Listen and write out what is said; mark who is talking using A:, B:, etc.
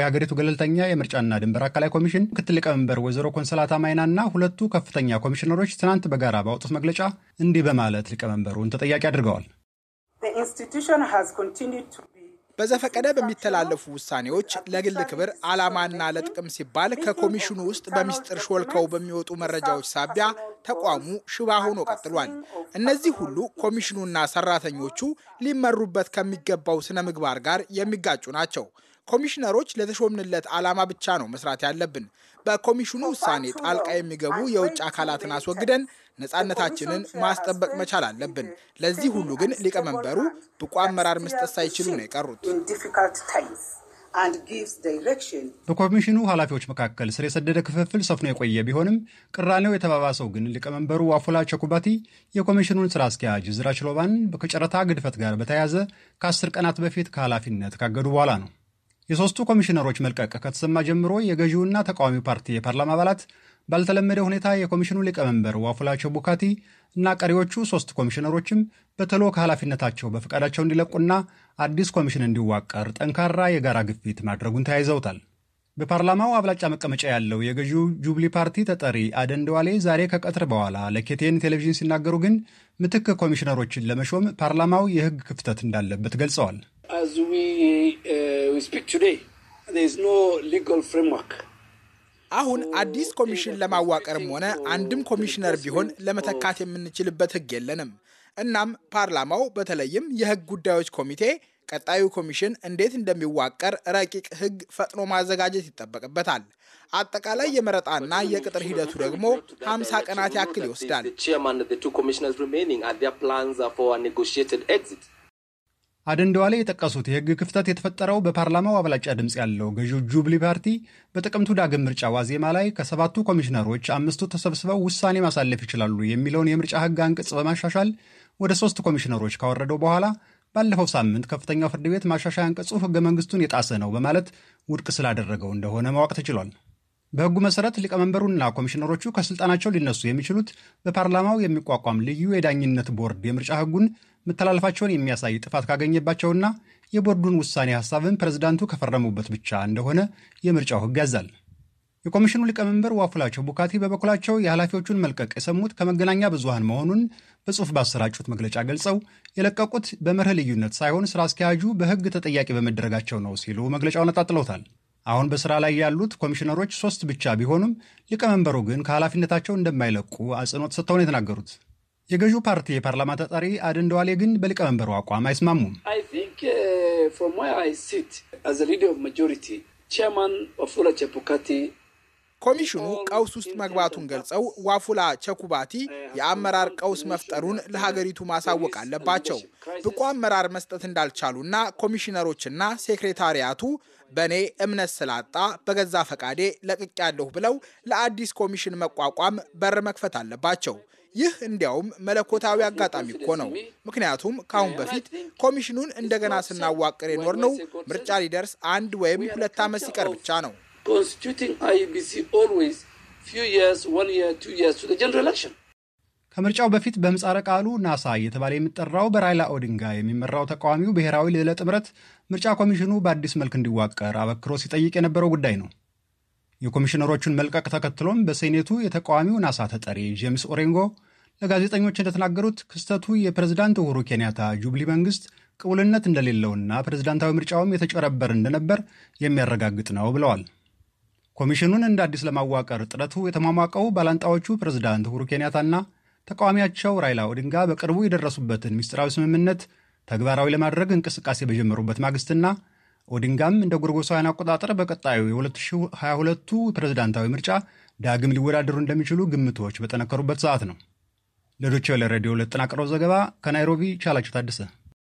A: የሀገሪቱ ገለልተኛ የምርጫና ድንበር አካላይ ኮሚሽን ምክትል ሊቀመንበር ወይዘሮ ኮንሰላታ ማይናና ሁለቱ ከፍተኛ ኮሚሽነሮች ትናንት በጋራ ባወጡት መግለጫ እንዲህ በማለት ሊቀመንበሩን ተጠያቂ አድርገዋል።
B: በዘፈቀደ በሚተላለፉ ውሳኔዎች ለግል ክብር ዓላማና ለጥቅም ሲባል ከኮሚሽኑ ውስጥ በሚስጥር ሾልከው በሚወጡ መረጃዎች ሳቢያ ተቋሙ ሽባ ሆኖ ቀጥሏል። እነዚህ ሁሉ ኮሚሽኑና ሰራተኞቹ ሊመሩበት ከሚገባው ስነ ምግባር ጋር የሚጋጩ ናቸው። ኮሚሽነሮች ለተሾምንለት ዓላማ ብቻ ነው መስራት ያለብን። በኮሚሽኑ ውሳኔ ጣልቃ የሚገቡ የውጭ አካላትን አስወግደን ነፃነታችንን ማስጠበቅ መቻል አለብን። ለዚህ ሁሉ ግን ሊቀመንበሩ ብቁ አመራር መስጠት ሳይችሉ ነው የቀሩት።
A: በኮሚሽኑ ኃላፊዎች መካከል ስር የሰደደ ክፍፍል ሰፍኖ የቆየ ቢሆንም ቅራኔው የተባባሰው ግን ሊቀመንበሩ ዋፎላቸው ቸኩባቲ የኮሚሽኑን ስራ አስኪያጅ ዝራችሎባን ከጨረታ ግድፈት ጋር በተያያዘ ከአስር ቀናት በፊት ከኃላፊነት ካገዱ በኋላ ነው። የሦስቱ ኮሚሽነሮች መልቀቅ ከተሰማ ጀምሮ የገዢውና ተቃዋሚ ፓርቲ የፓርላማ አባላት ባልተለመደ ሁኔታ የኮሚሽኑ ሊቀመንበር ዋፉላቸው ቡካቲ እና ቀሪዎቹ ሦስት ኮሚሽነሮችም በተሎ ከኃላፊነታቸው በፈቃዳቸው እንዲለቁና አዲስ ኮሚሽን እንዲዋቀር ጠንካራ የጋራ ግፊት ማድረጉን ተያይዘውታል። በፓርላማው አብላጫ መቀመጫ ያለው የገዢው ጁብሊ ፓርቲ ተጠሪ አደንደዋሌ ዛሬ ከቀትር በኋላ ለኬቴን ቴሌቪዥን ሲናገሩ ግን ምትክ ኮሚሽነሮችን ለመሾም ፓርላማው የሕግ ክፍተት እንዳለበት ገልጸዋል።
B: we speak today, there is no legal framework. አሁን አዲስ ኮሚሽን ለማዋቀርም ሆነ አንድም ኮሚሽነር ቢሆን ለመተካት የምንችልበት ህግ የለንም። እናም ፓርላማው በተለይም የህግ ጉዳዮች ኮሚቴ ቀጣዩ ኮሚሽን እንዴት እንደሚዋቀር ረቂቅ ህግ ፈጥኖ ማዘጋጀት ይጠበቅበታል። አጠቃላይ የመረጣና የቅጥር ሂደቱ ደግሞ 50 ቀናት ያክል ይወስዳል።
A: አደንደዋ ላይ የጠቀሱት የህግ ክፍተት የተፈጠረው በፓርላማው አብላጫ ድምፅ ያለው ገዢው ጁብሊ ፓርቲ በጥቅምቱ ዳግም ምርጫ ዋዜማ ላይ ከሰባቱ ኮሚሽነሮች አምስቱ ተሰብስበው ውሳኔ ማሳለፍ ይችላሉ የሚለውን የምርጫ ህግ አንቅጽ በማሻሻል ወደ ሶስት ኮሚሽነሮች ካወረደው በኋላ ባለፈው ሳምንት ከፍተኛው ፍርድ ቤት ማሻሻያ አንቀጹ ህገ መንግስቱን የጣሰ ነው በማለት ውድቅ ስላደረገው እንደሆነ ማወቅ ተችሏል። በህጉ መሰረት ሊቀመንበሩና ኮሚሽነሮቹ ከስልጣናቸው ሊነሱ የሚችሉት በፓርላማው የሚቋቋም ልዩ የዳኝነት ቦርድ የምርጫ ህጉን .። መተላለፋቸውን የሚያሳይ ጥፋት ካገኘባቸውና የቦርዱን ውሳኔ ሀሳብን ፕሬዝዳንቱ ከፈረሙበት ብቻ እንደሆነ የምርጫው ሕግ ያዛል። የኮሚሽኑ ሊቀመንበር ዋፉላቸው ቡካቲ በበኩላቸው የኃላፊዎቹን መልቀቅ የሰሙት ከመገናኛ ብዙሃን መሆኑን በጽሑፍ ባሰራጩት መግለጫ ገልጸው የለቀቁት በመርህ ልዩነት ሳይሆን ስራ አስኪያጁ በሕግ ተጠያቂ በመደረጋቸው ነው ሲሉ መግለጫውን አጣጥለውታል። አሁን በስራ ላይ ያሉት ኮሚሽነሮች ሶስት ብቻ ቢሆኑም ሊቀመንበሩ ግን ከኃላፊነታቸው እንደማይለቁ አጽንኦት ሰጥተው ነው የተናገሩት። የገዢው ፓርቲ የፓርላማ ተጠሪ አደን ደዋሌ ግን በሊቀመንበሩ አቋም አይስማሙም።
B: uh, ኮሚሽኑ ቀውስ ውስጥ መግባቱን ገልጸው ዋፉላ ቸኩባቲ የአመራር ቀውስ መፍጠሩን ለሀገሪቱ ማሳወቅ አለባቸው። ብቁ አመራር መስጠት እንዳልቻሉና ኮሚሽነሮችና ሴክሬታሪያቱ በእኔ እምነት ስላጣ በገዛ ፈቃዴ ለቅቄያለሁ ብለው ለአዲስ ኮሚሽን መቋቋም በር መክፈት አለባቸው። ይህ እንዲያውም መለኮታዊ አጋጣሚ እኮ ነው። ምክንያቱም ከአሁን በፊት ኮሚሽኑን እንደገና ስናዋቅር የኖር ነው ምርጫ ሊደርስ አንድ ወይም ሁለት ዓመት ሲቀር ብቻ ነው። e
A: ከምርጫው በፊት በምጻረ ቃሉ ናሳ እየተባለ የሚጠራው በራይላ ኦዲንጋ የሚመራው ተቃዋሚው ብሔራዊ ልዕለ ጥምረት ምርጫ ኮሚሽኑ በአዲስ መልክ እንዲዋቀር አበክሮ ሲጠይቅ የነበረው ጉዳይ ነው። የኮሚሽነሮቹን መልቀቅ ተከትሎም በሴኔቱ የተቃዋሚው ናሳ ተጠሪ ጄምስ ኦሬንጎ ለጋዜጠኞች እንደተናገሩት ክስተቱ የፕሬዝዳንት ኡሁሩ ኬንያታ ጁብሊ መንግስት ቅቡልነት እንደሌለውና ፕሬዝዳንታዊ ምርጫውም የተጨረበር እንደነበር የሚያረጋግጥ ነው ብለዋል። ኮሚሽኑን እንደ አዲስ ለማዋቀር ጥረቱ የተሟሟቀው ባላንጣዎቹ ፕሬዝዳንት ኡሁሩ ኬንያታና ተቃዋሚያቸው ራይላ ኦዲንጋ በቅርቡ የደረሱበትን ምስጢራዊ ስምምነት ተግባራዊ ለማድረግ እንቅስቃሴ በጀመሩበት ማግስትና ኦዲንጋም እንደ ጎርጎሳውያን አቆጣጠር በቀጣዩ የ2022ቱ ፕሬዝዳንታዊ ምርጫ ዳግም ሊወዳደሩ እንደሚችሉ ግምቶች በጠነከሩበት ሰዓት ነው። ለዶቼ ቬለ ሬዲዮ ለተጠናቀረው ዘገባ ከናይሮቢ ቻላቸው ታደሰ